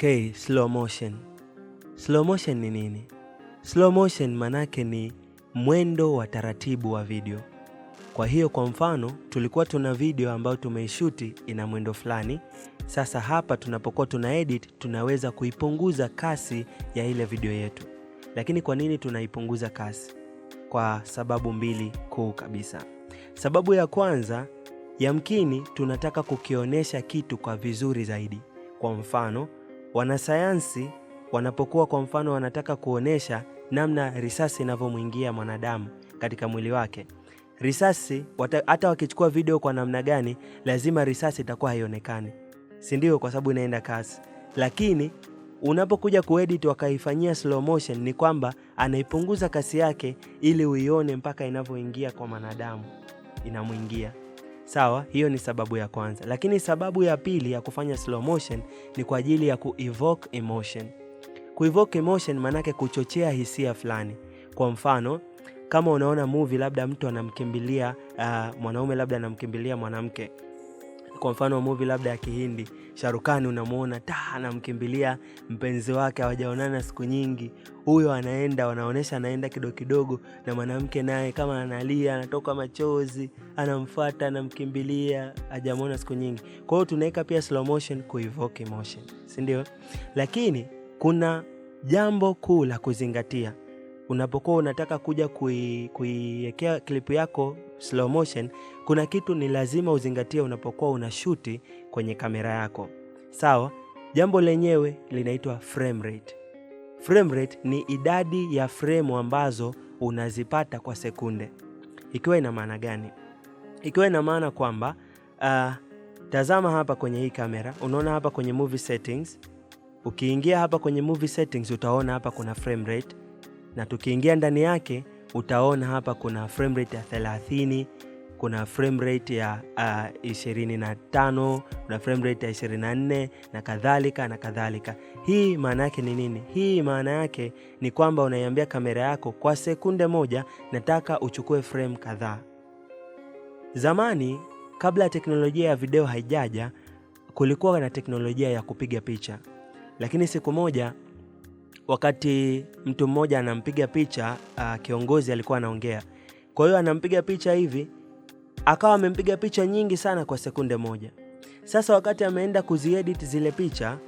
Okay, slow motion. Slow motion ni nini? Slow motion manake ni mwendo wa taratibu wa video. Kwa hiyo kwa mfano, tulikuwa tuna video ambayo tumeishuti ina mwendo fulani. Sasa hapa tunapokuwa tuna edit, tunaweza kuipunguza kasi ya ile video yetu. Lakini kwa nini tunaipunguza kasi? Kwa sababu mbili kuu kabisa. Sababu ya kwanza, yamkini tunataka kukionyesha kitu kwa vizuri zaidi. Kwa mfano Wanasayansi wanapokuwa kwa mfano wanataka kuonesha namna risasi inavyomwingia mwanadamu katika mwili wake, risasi wata, hata wakichukua video kwa namna gani, lazima risasi itakuwa haionekani, si ndio? Kwa sababu inaenda kasi. Lakini unapokuja kuedit wakaifanyia slow motion, ni kwamba anaipunguza kasi yake ili uione mpaka inavyoingia kwa mwanadamu, inamwingia. Sawa, hiyo ni sababu ya kwanza, lakini sababu ya pili ya kufanya slow motion ni kwa ajili ya kuevoke emotion. Kuevoke emotion maanake kuchochea hisia fulani. Kwa mfano kama unaona movie labda mtu anamkimbilia uh, mwanaume labda anamkimbilia mwanamke kwa mfano movie labda ya Kihindi, Sharukani unamuona ta anamkimbilia mpenzi wake, hawajaonana siku nyingi, huyo anaenda, wanaonyesha anaenda kidogo kidogo, na mwanamke naye kama analia, anatoka machozi, anamfuata, anamkimbilia, hajamwona siku nyingi. Kwa hiyo tunaweka pia slow motion kuevoke emotion, si ndio? Lakini kuna jambo kuu la kuzingatia unapokuwa unataka kuja kuiwekea kui klipu yako slow motion, kuna kitu ni lazima uzingatie unapokuwa unashuti kwenye kamera yako, sawa. Jambo lenyewe linaitwa frame rate. Frame rate ni idadi ya fremu ambazo unazipata kwa sekunde. Ikiwa ina maana gani? Ikiwa ina maana kwamba uh, tazama hapa kwenye hii kamera, unaona hapa kwenye movie settings. Ukiingia hapa kwenye movie settings, utaona hapa kuna frame rate na tukiingia ndani yake utaona hapa kuna frame rate ya 30, kuna frame rate ya uh, ah, 25, kuna frame rate ya 24 na kadhalika na kadhalika. Hii maana yake ni nini? Hii maana yake ni kwamba unaiambia kamera yako kwa sekunde moja, nataka uchukue frame kadhaa. Zamani kabla ya teknolojia ya video haijaja, kulikuwa na teknolojia ya kupiga picha, lakini siku moja wakati mtu mmoja anampiga picha uh, kiongozi alikuwa anaongea. Kwa hiyo anampiga picha hivi, akawa amempiga picha nyingi sana kwa sekunde moja. Sasa wakati ameenda kuziedit zile picha,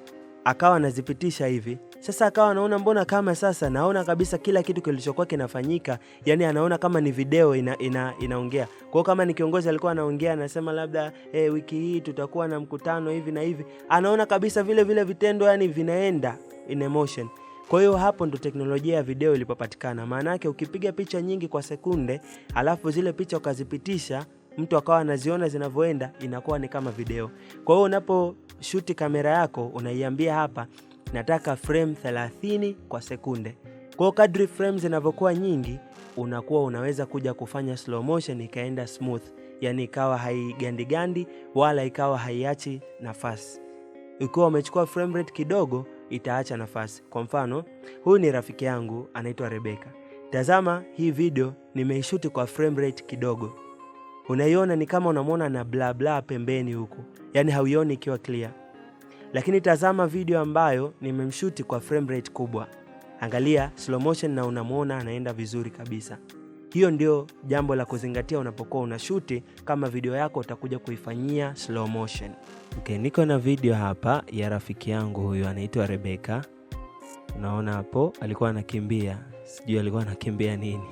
akawa anazipitisha hivi sasa, akawa anaona mbona kama sasa naona kabisa kila kitu kilichokuwa kinafanyika, yani anaona kama ni video ina, ina, inaongea. Kwa hiyo kama ni kiongozi alikuwa anaongea anasema labda hey, eh, wiki hii tutakuwa na mkutano hivi na hivi, anaona kabisa vile vile vitendo yani vinaenda in emotion. Kwa hiyo hapo ndo teknolojia ya video ilipopatikana. Maana yake ukipiga picha nyingi kwa sekunde, alafu zile picha ukazipitisha, mtu akawa anaziona zinavyoenda, inakuwa ni kama video. Kwa hiyo unaposhuti kamera yako unaiambia hapa, nataka frame 30 kwa sekunde. Kwa hiyo kadri frame zinavyokuwa nyingi, unakuwa unaweza kuja kufanya slow motion ikaenda smooth, yani ikawa haigandigandi wala ikawa haiachi nafasi. Ukiwa umechukua frame rate kidogo itaacha nafasi. Kwa mfano, huyu ni rafiki yangu anaitwa Rebeka. Tazama hii video nimeishuti kwa frame rate kidogo, unaiona ni kama unamwona na bla bla pembeni huku, yaani hauioni ikiwa clear. Lakini tazama video ambayo nimemshuti kwa frame rate kubwa, angalia slow motion na unamwona anaenda vizuri kabisa. Hiyo ndio jambo la kuzingatia unapokuwa unashuti, kama video yako utakuja kuifanyia slow motion. Okay, niko na video hapa ya rafiki yangu huyu anaitwa Rebecca. Unaona hapo alikuwa anakimbia, sijui alikuwa anakimbia nini.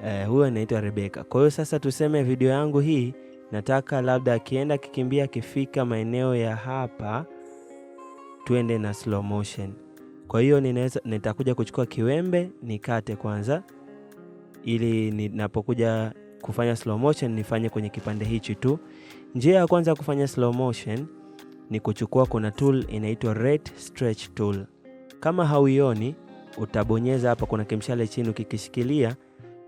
Uh, huyu anaitwa Rebecca. Kwa hiyo sasa tuseme video yangu hii nataka labda akienda akikimbia akifika maeneo ya hapa tuende na slow motion. Kwa hiyo ninaweza nitakuja kuchukua kiwembe nikate kwanza ili ninapokuja kufanya slow motion nifanye kwenye kipande hichi tu. Njia ya kwanza ya kufanya slow motion ni kuchukua, kuna tool inaitwa rate stretch tool. Kama hauioni utabonyeza hapa, kuna kimshale chini, ukikishikilia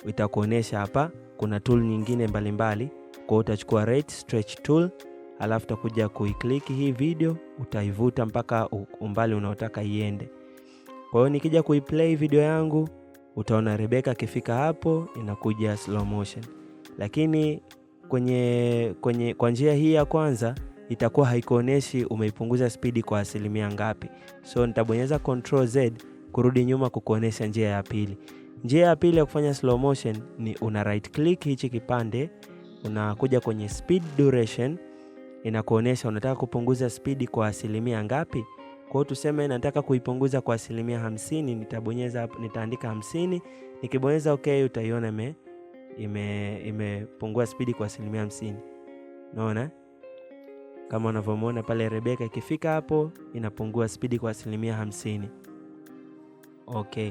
itakuonyesha hapa kuna tool nyingine mbalimbali. Kwa hiyo utachukua rate stretch tool, alafu utakuja kuikliki hii video, utaivuta mpaka umbali unaotaka iende. Kwa hiyo nikija kuiplay video yangu utaona Rebeka akifika hapo inakuja slow motion, lakini kwenye, kwenye kwa njia hii ya kwanza itakuwa haikuoneshi umeipunguza spidi kwa asilimia ngapi. So nitabonyeza control z kurudi nyuma kukuonesha njia ya pili. Njia ya pili ya kufanya slow motion ni una right click hichi kipande, unakuja kwenye speed duration, inakuonesha unataka kupunguza spidi kwa asilimia ngapi. Kwa hiyo tuseme nataka kuipunguza kwa asilimia hamsini, nitabonyeza, nitaandika hamsini. Nikibonyeza okay, utaiona ime imepungua spidi kwa asilimia hamsini. Unaona kama unavyomwona pale Rebeka ikifika hapo inapungua spidi kwa asilimia hamsini. Okay,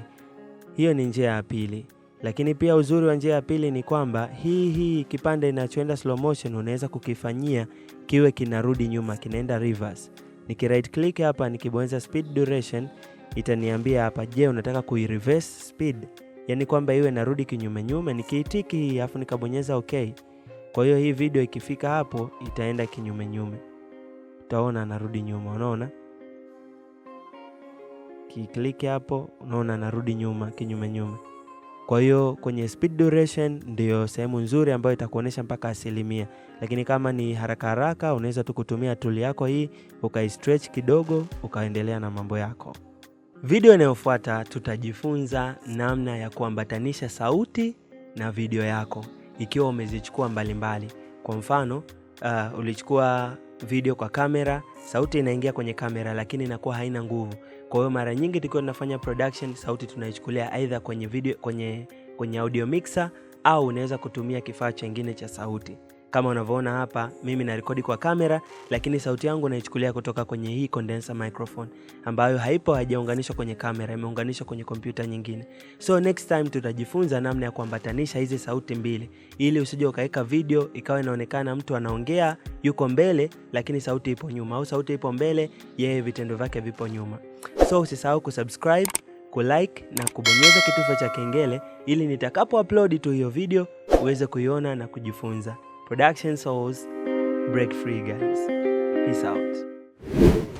hiyo ni njia ya pili, lakini pia uzuri wa njia ya pili ni kwamba hii hii kipande inachoenda slow motion unaweza kukifanyia kiwe kinarudi nyuma, kinaenda reverse niki right click hapa nikibonyeza speed duration itaniambia hapa, je, unataka kui reverse speed, yani kwamba iwe narudi kinyume nyume. Nikiitiki hii afu nikabonyeza okay. Kwa hiyo hii video ikifika hapo itaenda kinyume nyume, utaona anarudi nyuma. Unaona, kiklik hapo, unaona anarudi nyuma kinyume nyume. Kwa hiyo kwenye speed duration ndiyo sehemu nzuri ambayo itakuonyesha mpaka asilimia, lakini kama ni haraka haraka, unaweza tu kutumia tool yako hii ukaistretch kidogo ukaendelea na mambo yako. Video inayofuata tutajifunza namna ya kuambatanisha sauti na video yako ikiwa umezichukua mbalimbali. Kwa mfano uh, ulichukua video kwa kamera, sauti inaingia kwenye kamera lakini inakuwa haina nguvu. Kwa hiyo mara nyingi tukiwa tunafanya production, sauti tunaichukulia aidha kwenye video, kwenye, kwenye audio mixer au unaweza kutumia kifaa chengine cha sauti. Kama unavyoona hapa, mimi narekodi kwa kamera, lakini sauti yangu naichukulia kutoka kwenye hii condenser microphone ambayo haipo, haijaunganishwa kwenye kamera, imeunganishwa kwenye kompyuta nyingine. So next time tutajifunza namna ya kuambatanisha hizi sauti mbili, ili usije ukaweka video ikawa inaonekana mtu anaongea yuko mbele, lakini sauti ipo nyuma, au sauti ipo mbele, yeye vitendo vyake vipo nyuma. So usisahau kusubscribe, kulike na kubonyeza kitufe cha kengele ili nitakapo upload tu hiyo video uweze kuiona na kujifunza. Production souls, Break free, guys. Peace out.